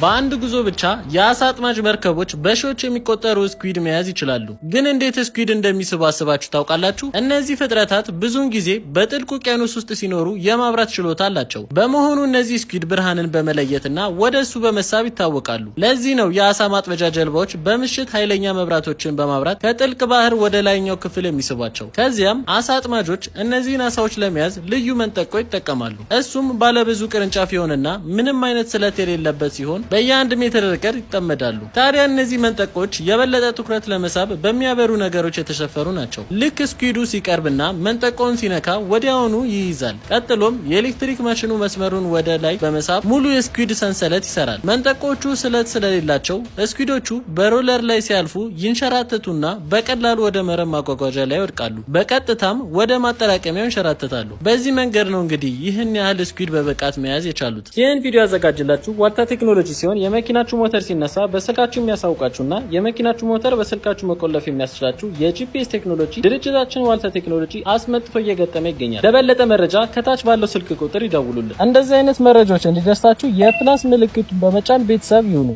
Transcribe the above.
በአንድ ጉዞ ብቻ የአሳ አጥማጅ መርከቦች በሺዎች የሚቆጠሩ ስኩዊድ መያዝ ይችላሉ። ግን እንዴት ስኩዊድ እንደሚስቡ አስባችሁ ታውቃላችሁ? እነዚህ ፍጥረታት ብዙውን ጊዜ በጥልቅ ውቅያኖስ ውስጥ ሲኖሩ የማብራት ችሎታ አላቸው። በመሆኑ እነዚህ ስኩዊድ ብርሃንን በመለየትና ወደ እሱ በመሳብ ይታወቃሉ። ለዚህ ነው የአሳ ማጥመጃ ጀልባዎች በምሽት ኃይለኛ መብራቶችን በማብራት ከጥልቅ ባህር ወደ ላይኛው ክፍል የሚስቧቸው። ከዚያም አሳ አጥማጆች እነዚህን አሳዎች ለመያዝ ልዩ መንጠቆ ይጠቀማሉ። እሱም ባለብዙ ቅርንጫፍ የሆነና ምንም አይነት ስለት የሌለበት ሲሆን በየአንድ ሜትር ርቀት ይጠመዳሉ። ታዲያ እነዚህ መንጠቆች የበለጠ ትኩረት ለመሳብ በሚያበሩ ነገሮች የተሸፈሩ ናቸው። ልክ ስኪዱ ሲቀርብና መንጠቆውን ሲነካ ወዲያውኑ ይይዛል። ቀጥሎም የኤሌክትሪክ ማሽኑ መስመሩን ወደ ላይ በመሳብ ሙሉ የስኪድ ሰንሰለት ይሰራል። መንጠቆቹ ስለት ስለሌላቸው ስኪዶቹ በሮለር ላይ ሲያልፉ ይንሸራተቱና በቀላሉ ወደ መረብ ማጓጓዣ ላይ ይወድቃሉ። በቀጥታም ወደ ማጠራቀሚያው ይንሸራተታሉ። በዚህ መንገድ ነው እንግዲህ ይህን ያህል ስኪድ በብቃት መያዝ የቻሉት። ይህን ቪዲዮ ያዘጋጅላችሁ ዋልታ ቴክኖሎጂ ሲሆን የመኪናችሁ ሞተር ሲነሳ በስልካችሁ የሚያሳውቃችሁና የመኪናችሁ ሞተር በስልካችሁ መቆለፍ የሚያስችላችሁ የጂፒኤስ ቴክኖሎጂ ድርጅታችን ዋልታ ቴክኖሎጂ አስመጥቶ እየገጠመ ይገኛል። ለበለጠ መረጃ ከታች ባለው ስልክ ቁጥር ይደውሉልን። እንደዚህ አይነት መረጃዎች እንዲደርሳችሁ የፕላስ ምልክቱን በመጫን ቤተሰብ ይሁኑ።